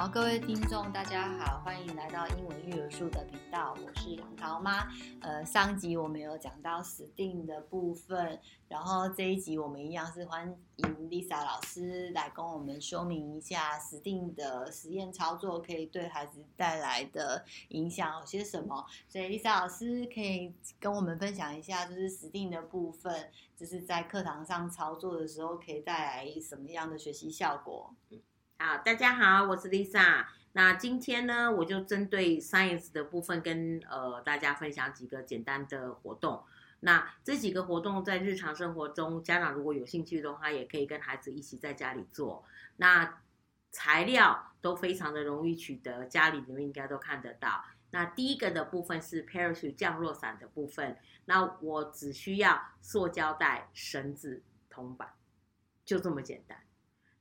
好，各位聽眾，大家好，歡迎來到英文育兒術的頻道，我是楊桃媽。呃，上集我們有講到 STEAM 的部分，然後這一集我們一樣是歡迎 Lisa 老師來跟我們說明一下 STEAM 的實驗操作可以對孩子帶來的影響有些什麼。所以 Lisa 老師可以跟我們分享一下，就是 STEAM 的部分，就是在課堂上操作的時候可以帶來什麼樣的學習效果？嗯。好，大家好，我是 Lisa。那今天呢，我就針對 Science 的部分跟、跟呃大家分享幾個簡單的活動。那這幾個活動在日常生活中，家長如果有興趣的話，也可以跟孩子一起在家裡做。那材料都非常的容易取得，家裡你們應該都看得到。那第一個的部分是 Parachute 降落傘的部分。那我只需要塑膠袋、繩子、銅板，就這麼簡單。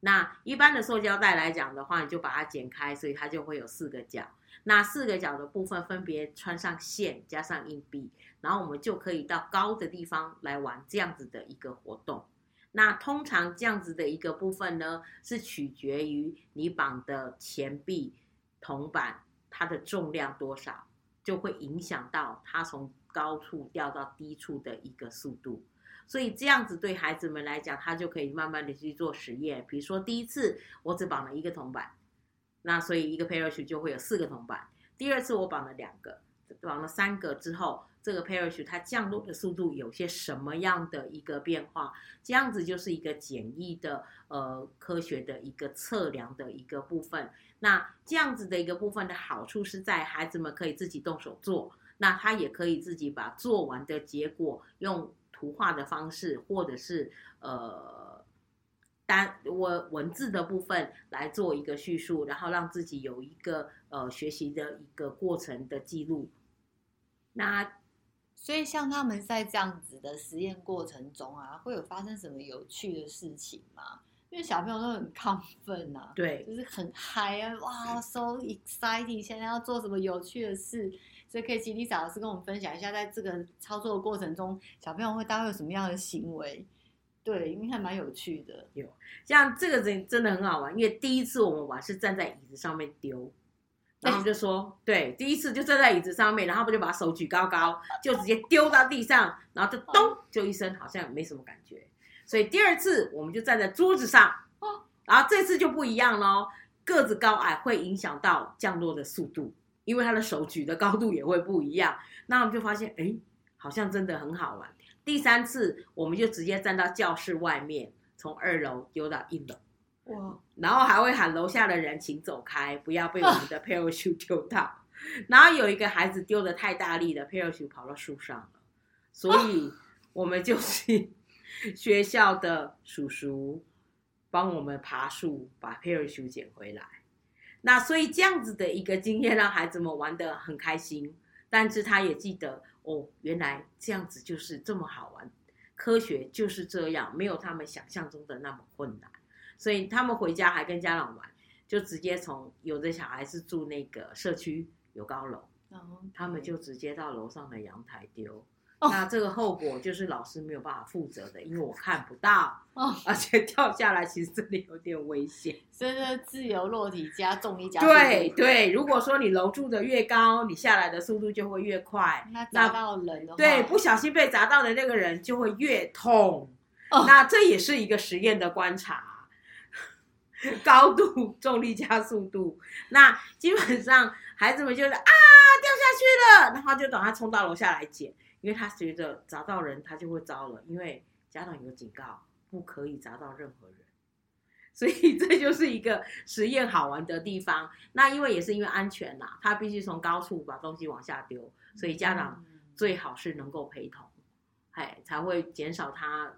那一般的塑膠袋來講的話，你就把它剪開，所以它就會有四個角。那四個角的部分分別穿上線，加上硬幣，然後我們就可以到高的地方來玩這樣子的一個活動。那通常這樣子的一個部分呢，是取決於你綁的錢幣、銅板它的重量多少，就會影響到它從高處掉到低處的一個速度。所以這樣子對孩子們來講，他就可以慢慢的去做實驗。比如說，第一次我只綁了一個銅板，那所以一個 parachute 就會有四個銅板。第二次我綁了兩個，綁了三個之後，這個 parachute 它降落的速度有些什麼樣的一個變化？這樣子就是一個簡易的呃科學的一個測量的一個部分。那這樣子的一個部分的好處是在孩子們可以自己動手做，那他也可以自己把做完的結果用。圖畫的方式，或者是呃單文文字的部分來做一個敘述，然後讓自己有一個呃學習的一個過程的記錄。那所以像他們在這樣子的實驗過程中啊，會有發生什麼有趣的事情嗎？因為小朋友都很亢奮啊，對，就是很嗨啊，哇，so exciting！現在要做什麼有趣的事？所以可以請 Lisa 老師跟我們分享一下，在這個操作的過程中，小朋友會大概有什麼樣的行為？對，應該還蠻有趣的。有，像這個真真的很好玩，因為第一次我們玩是站在椅子上面丟，那你就說，哦、對，第一次就站在椅子上面，然後不就把手舉高高，就直接丟到地上，然後就咚，就一聲，好像沒什麼感覺。所以第二次我們就站在桌子上，然後這次就不一樣咯，個子高矮會影響到降落的速度。因為他的手舉的高度也會不一樣，那我們就發現，哎，好像真的很好玩。第三次，我們就直接站到教室外面，從二樓丟到一樓，哇！然後還會喊樓下的人請走開，不要被我們的 parachute 丟到。啊、然後有一個孩子丟的太大力了，parachute 跑到樹上了，所以我們就請學校的叔叔幫我們爬樹把 parachute 撿回來。那所以這樣子的一個經驗，讓孩子們玩得很開心，但是他也記得哦，原來這樣子就是這麼好玩，科學就是這樣，沒有他們想象中的那麼困難。所以他們回家還跟家長玩，就直接從有的小孩是住那個社區有高樓，然後他們就直接到樓上的陽台丟。那這個後果就是老師沒有辦法負責的，因為我看不到，哦、而且掉下來其實真的有點危險。所以說自由落體加重力加速度。對對，如果說你樓住的越高，你下來的速度就會越快。那砸到人的話，對，不小心被砸到的那個人就會越痛。哦、那這也是一個實驗的觀察，高度、重力加速度。那基本上孩子們就是啊，掉下去了，然後就等他衝到樓下來撿。因為他覺得砸到人，他就會糟了。因為家長有警告，不可以砸到任何人，所以這就是一個實驗好玩的地方。那因為也是因為安全啦，他必須從高處把東西往下丟，所以家長最好是能夠陪同，哎、嗯，才會減少他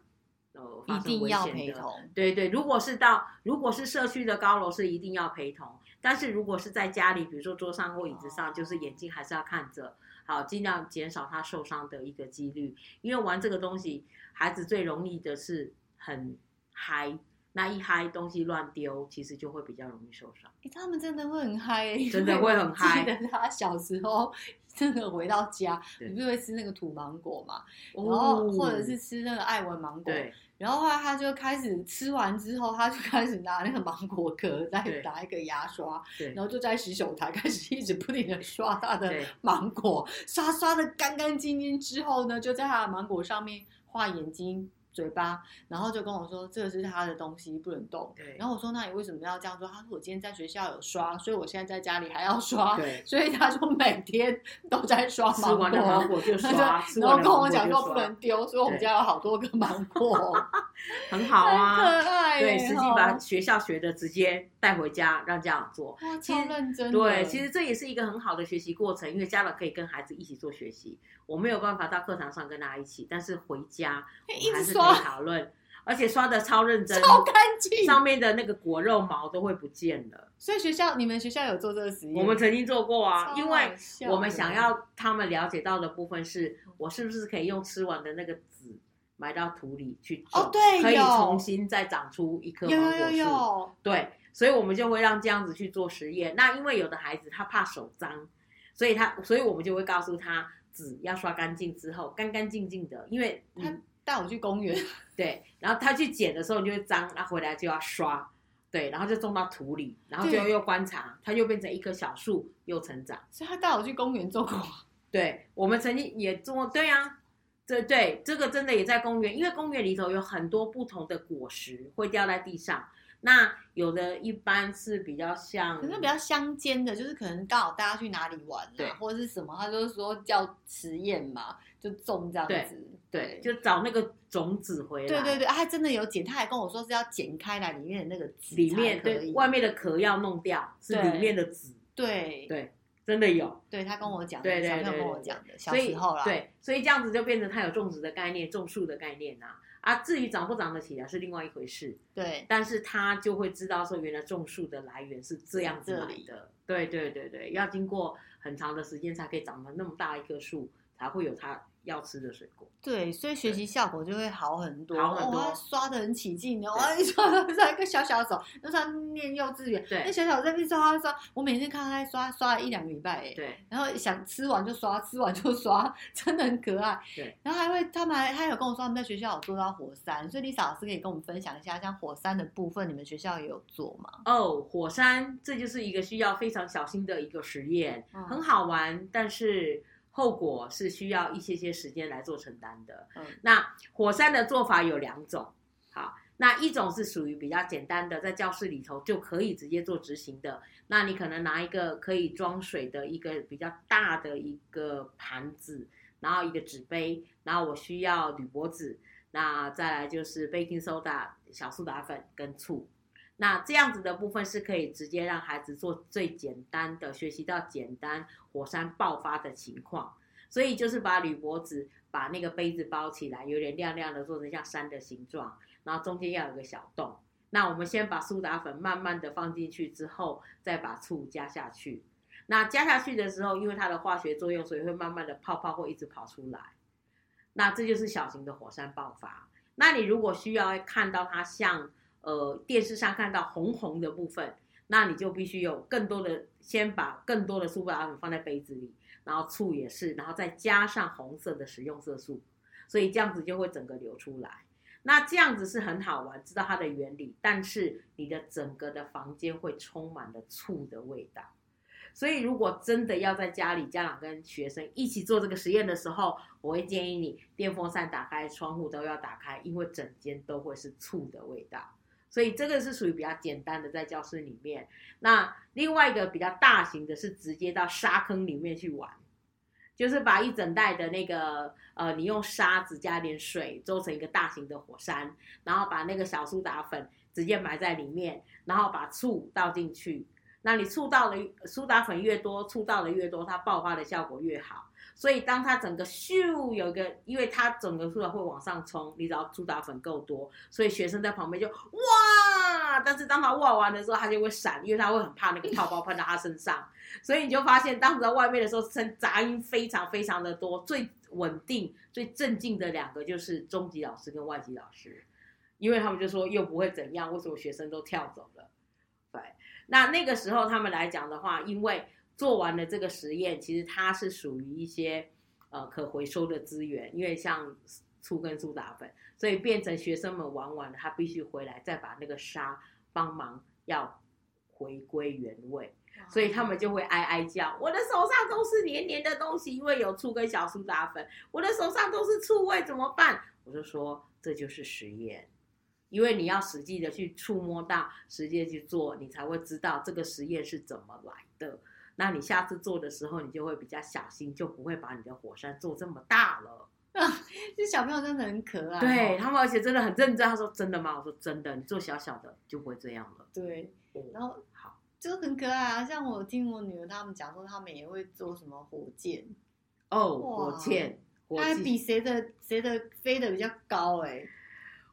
呃發生危險的，一定要陪同，對對。如果是到，如果是社區的高樓，是一定要陪同。但是如果是在家裡，比如說桌上或椅子上，哦、就是眼睛還是要看着。好，盡量減少他受傷的一個幾率，因為玩這個東西，孩子最容易的是很嗨，那一嗨東西亂丟，其實就會比較容易受傷。誒、欸，他們真的會很嗨，欸，真的會很嗨。記得他小時候。真的回到家，對就不就會吃那個土芒果嘛？對然後或者是吃那個愛文芒果。對然後後來他就開始吃完之後，他就開始拿那個芒果殼，再拿一個牙刷，對然後就在洗手台開始一直不停的刷他的芒果，對刷刷的乾乾淨淨之後呢，就在他的芒果上面畫眼睛。嘴巴，然後就跟我說：“這個、是他的東西，不能動。對”然後我說：“那你為什麼要這樣做？”他說：“我今天在學校有刷，所以我現在在家裡還要刷。對”所以他說每天都在刷芒果，芒果就刷。然後跟我講說不能丟，對所以我們家有好多個芒果， 很好啊，可愛、欸。對，實際把學校學的直接。帶回家讓家長做。哦，超認真。對，其實這也是一個很好的學習過程，因為家長可以跟孩子一起做學習。我沒有辦法到課堂上跟他一起，但是回家我還是可以討論，而且刷得超認真，超乾淨，上面的那個果肉毛都會不見了。所以學校你們學校有做這個實驗？我們曾經做過啊，因為我們想要他們了解到的部分是我是不是可以用吃完的那個籽埋到土裡去做，哦對，可以重新再長出一棵芒果樹。有有有有有對。所以我們就會讓這樣子去做實驗。那因為有的孩子他怕手髒，所以他，所以我們就會告訴他，紙要刷乾淨之後乾乾淨淨的。因為，嗯，他帶我去公園，對，然後他去撿的時候你就會髒，他回來就要刷，對，然後就種到土裡，然後就又觀察，它又變成一棵小樹，又成長。所以他帶我去公園種過，對，我們曾經也種過，對啊，對對，這個真的也在公園，因為公園裡頭有很多不同的果實會掉在地上。那有的一般是比較像，可是比較鄉間的，就是可能剛好大家去哪裡玩啊，對或者是什麼，他就是說叫實驗嘛，就種這樣子對。對，就找那個種子回來。對對對，還、啊、真的有剪，他還跟我說是要剪開來裡面的那個籽。裡面對，對，外面的殼要弄掉，是裡面的籽。對對，對，真的有。對他跟我講，對對，對，對小朋友跟我講的，對對對對小時候啦，對，所以這樣子就變成他有種植的概念，種樹的概念啊。它、啊、至於長不長得起來是另外一回事。對，但是他就會知道說，原來種樹的來源是這樣子來的。里對對對對，要經過很長的時間才可以長成那麼大一棵樹，才會有它。要吃的水果，對，所以學習效果就會好很多。我對、哦、刷得很起勁，我一刷刷一個小小的手，就像念幼稚園。那對小小在那邊刷刷，我每天看到他刷刷了一兩個禮拜，哎，對。然後想吃完就刷，吃完就刷，真的很可愛。對，然後還會，他們還，他有跟我說他們在學校有做到火山，所以麗莎老師可以跟我們分享一下，像火山的部分，你們學校也有做嗎？哦，火山，這就是一個需要非常小心的一個實驗，啊、很好玩，但是。後果是需要一些些時間來做承擔的。嗯，那火山的做法有兩種，好，那一種是屬於比較簡單的，在教室裡頭就可以直接做執行的。那你可能拿一個可以裝水的一個比較大的一個盤子，然後一個紙杯，然後我需要鋁箔紙，那再來就是 baking soda 小蘇打粉跟醋。那這樣子的部分是可以直接讓孩子做最簡單的學習到簡單火山爆發的情況，所以就是把鋁箔紙把那個杯子包起來，有點亮亮的，做成像山的形狀，然後中間要有個小洞。那我們先把蘇打粉慢慢地放進去之後，再把醋加下去。那加下去的時候，因為它的化學作用，所以會慢慢的泡泡會一直跑出來。那這就是小型的火山爆發。那你如果需要看到它像。呃，電視上看到紅紅的部分，那你就必須有更多的，先把更多的蘇打粉放在杯子裡，然後醋也是，然後再加上紅色的食用色素，所以這樣子就會整個流出來。那這樣子是很好玩，知道它的原理，但是你的整個的房間會充滿了醋的味道。所以如果真的要在家裡家長跟學生一起做這個實驗的時候，我會建議你電風扇打開，窗戶都要打開，因為整間都會是醋的味道。所以這個是屬於比較簡單的，在教室裡面。那另外一個比較大型的是直接到沙坑裡面去玩，就是把一整袋的那個呃，你用沙子加點水，做成一個大型的火山，然後把那個小蘇打粉直接埋在裡面，然後把醋倒進去。那你觸到的蘇打粉越多，觸到的越多，它爆發的效果越好。所以當它整個咻有一個，因為它整個蘇打粉會往上衝，你只要蘇打粉夠多，所以學生在旁邊就哇！但是當他哇完的時候，他就會閃，因為他會很怕那個泡泡噴到他身上。所以你就發現當時在外面的時候，聲雜音非常非常的多。最穩定、最鎮靜的兩個就是中籍老師跟外籍老師，因為他們就說又不會怎樣，為什麼學生都跳走了？那那個時候他們來講的話，因為做完了這個實驗，其實它是屬於一些呃可回收的資源，因為像醋跟蘇打粉，所以變成學生們玩完了，他必須回來再把那個沙幫忙要回歸原位，Wow. 所以他們就會哀哀叫，我的手上都是黏黏的東西，因為有醋跟小蘇打粉，我的手上都是醋味，怎麼辦？我就說這就是實驗。因為你要實際的去觸摸到，實際的去做，你才會知道這個實驗是怎麼來的。那你下次做的時候，你就會比較小心，就不會把你的火山做這麼大了。啊，這小朋友真的很可愛哦。對他們，而且真的很認真。他說：“真的嗎？”我說：“真的，你做小小的就不會這樣了。”對，對然後好，就很可愛啊。像我聽我女兒他們講說，他們也會做什麼火箭哦，oh, 火箭，它還比誰的誰的飛的比較高，欸？哎。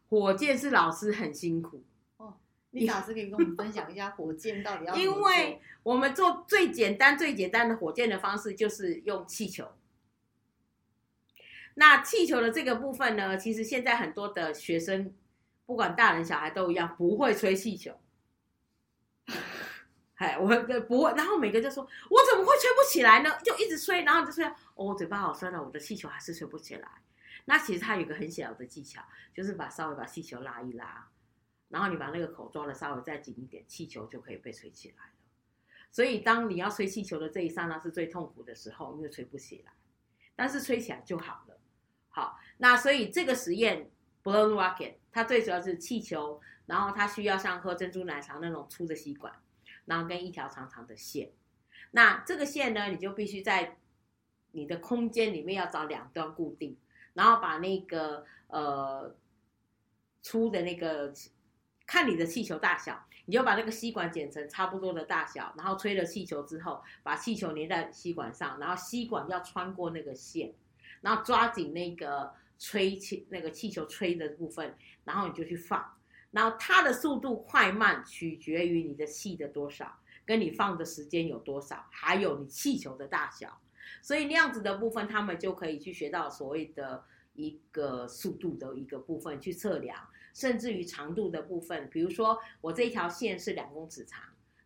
火箭是，老師很辛苦哦，李老師可以跟我們分享一下火箭到底要 因為我們做最簡單、最簡單的火箭的方式，就是用氣球。那氣球的這個部分呢，其實現在很多的學生，不管大人小孩都一樣，不會吹氣球。哎， 我不會，然後每個就說：“我怎麼會吹不起來呢？”就一直吹，然後就是哦，嘴巴好酸哦、啊，我的氣球還是吹不起來。那其實它有個很小的技巧，就是把稍微把氣球拉一拉，然後你把那個口抓得稍微再緊一點，氣球就可以被吹起來了。所以當你要吹氣球的這一剎那是最痛苦的時候，因為吹不起來，但是吹起來就好了。好，那所以這個實驗 balloon rocket 它最主要是氣球，然後它需要像喝珍珠奶茶那種粗的吸管，然後跟一條長長的線。那這個線呢，你就必須在你的空間裡面要找兩端固定。然後把那個呃粗的那個，看你的氣球大小，你就把那個吸管剪成差不多的大小，然後吹了氣球之後，把氣球粘在吸管上，然後吸管要穿過那個線，然後抓緊那個吹氣那個氣球吹的部分，然後你就去放，然後它的速度快慢取決於你的氣的多少，跟你放的時間有多少，還有你氣球的大小。所以量子的部分，他們就可以去學到所謂的一個速度的一個部分去測量，甚至於長度的部分，比如說我這一條線是兩公尺長，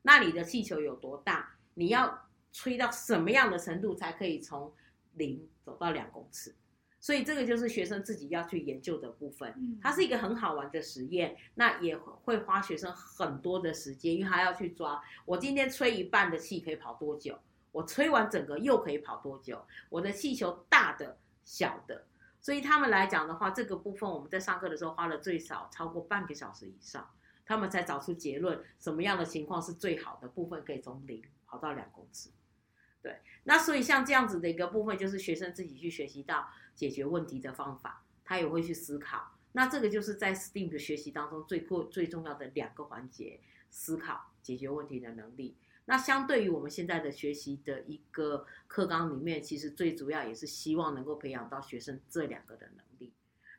那你的氣球有多大？你要吹到什麼樣的程度才可以從零走到兩公尺？所以這個就是學生自己要去研究的部分。它是一個很好玩的實驗，那也會花學生很多的時間，因為他要去抓我今天吹一半的氣可以跑多久。我吹完整個又可以跑多久？我的氣球大的、小的，所以他們來講的話，這個部分我們在上課的時候花了最少超過半個小時以上，他們才找出結論，什麼樣的情況是最好的部分，可以從零跑到兩公尺。對，那所以像這樣子的一個部分，就是學生自己去學習到解決問題的方法，他也會去思考。那這個就是在 STEAM 的學習當中最過最重要的兩個環節：思考、解決問題的能力。那相對於我們現在的學習的一個課綱裡面，其實最主要也是希望能夠培養到學生這兩個的能力。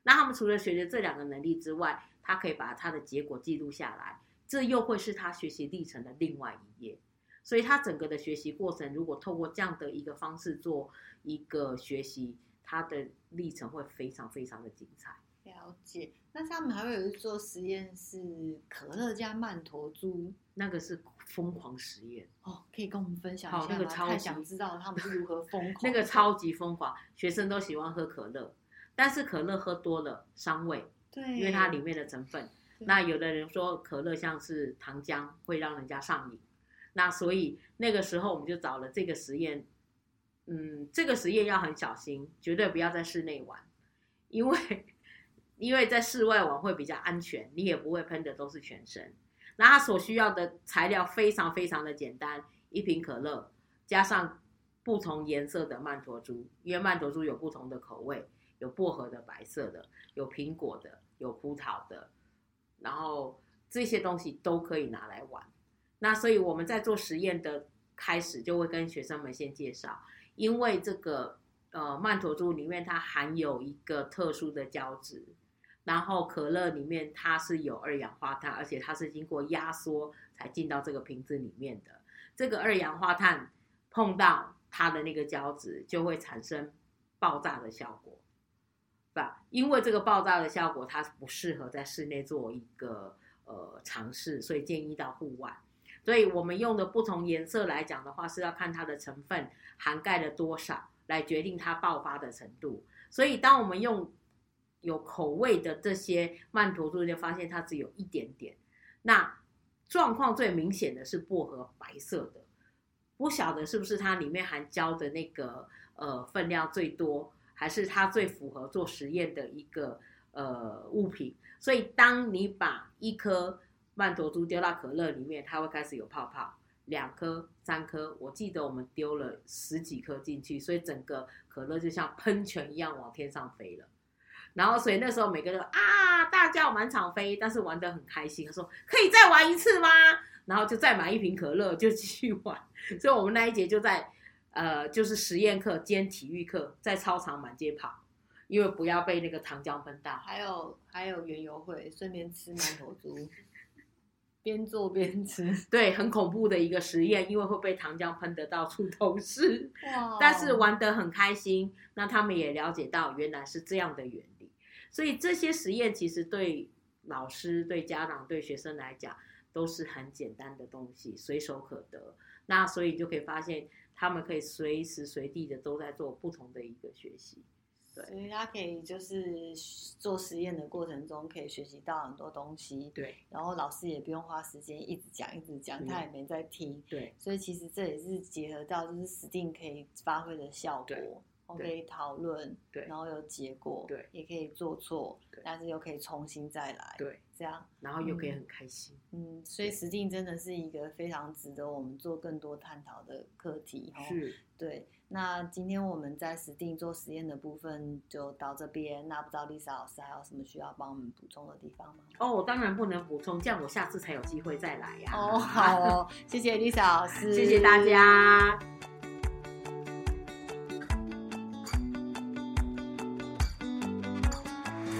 那他們除了學的這兩個能力之外，他可以把他的結果記錄下來，這又會是他學習歷程的另外一頁。所以他整個的學習過程，如果透過這樣的一個方式做一個學習，他的歷程會非常非常的精彩。了解，那他們還會有一做實驗是可樂加曼陀珠，那個是瘋狂實驗哦，可以跟我們分享一下嗎？才想知道他們如何瘋狂，那個超級瘋狂。學生都喜歡喝可樂，但是可樂喝多了傷胃，對，因為它裡面的成分。對那有的人說可樂像是糖漿，會讓人家上癮。那所以那個時候我們就找了這個實驗，嗯，這個實驗要很小心，絕對不要在室內玩，因為。因為在室外玩會比較安全，你也不會噴的都是全身。那它所需要的材料非常非常的簡單，一瓶可樂加上不同顏色的曼陀珠，因為曼陀珠有不同的口味，有薄荷的、白色的，有蘋果的、有葡萄的，然後這些東西都可以拿來玩。那所以我們在做實驗的開始就會跟學生們先介紹，因為這個呃曼陀珠裡面它含有一個特殊的膠質。然後可樂裡面它是有二氧化碳，而且它是經過壓縮才進到這個瓶子裡面的。這個二氧化碳碰到它的那個膠質，就會產生爆炸的效果，對吧？因為這個爆炸的效果，它不適合在室內做一個呃嘗試，所以建議到戶外。所以我們用的不同顏色來講的話，是要看它的成分涵蓋了多少，來決定它爆發的程度。所以當我們用有口味的這些曼陀珠，就發現它只有一點點。那狀況最明顯的是薄荷白色的，不曉得是不是它裡面含膠的那個呃分量最多，還是它最符合做實驗的一個呃物品。所以，當你把一顆曼陀珠丟到可樂裡面，它會開始有泡泡。兩顆、三顆，我記得我們丟了十幾顆進去，所以整個可樂就像噴泉一樣往天上飛了。然後，所以那時候每個人啊，大叫滿場飛，但是玩得很開心，說可以再玩一次嗎？然後就再買一瓶可樂，就繼續玩。所以我們那一節就在，呃，就是實驗課兼體育課，在操場滿街跑，因為不要被那個糖漿噴到。還有還有園遊會，順便吃曼陀珠， 邊做邊吃。對，很恐怖的一個實驗，因為會被糖漿噴得到處都是。哇！但是玩得很開心，那他們也了解到原來是這樣的原理。所以這些實驗其實對老師、對家長、對學生來講都是很簡單的東西，隨手可得。那所以就可以發現，他們可以隨時隨地的都在做不同的一個學習。對，所以他可以就是做實驗的過程中可以學習到很多東西。對，然後老師也不用花時間一直講一直講，是他也沒在聽。對，所以其實這也是結合到就是 STEAM 可以發揮的效果。可以討論，對，然後有結果，對，也可以做錯，但是又可以重新再來，對，這樣，然後又可以很開心，嗯，所以 STEAM 真的是一個非常值得我們做更多探討的課題，是，對。那今天我們在 STEAM 做實驗的部分就到這邊，那不知道 Lisa 老師還有什麼需要幫我們補充的地方嗎？哦，我當然不能補充，這樣我下次才有機會再來呀。哦，好，謝謝 Lisa 老師，謝謝大家。